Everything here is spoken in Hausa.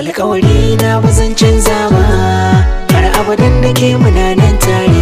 alkawari na ba zan canza ba har abadan da ke munanan tare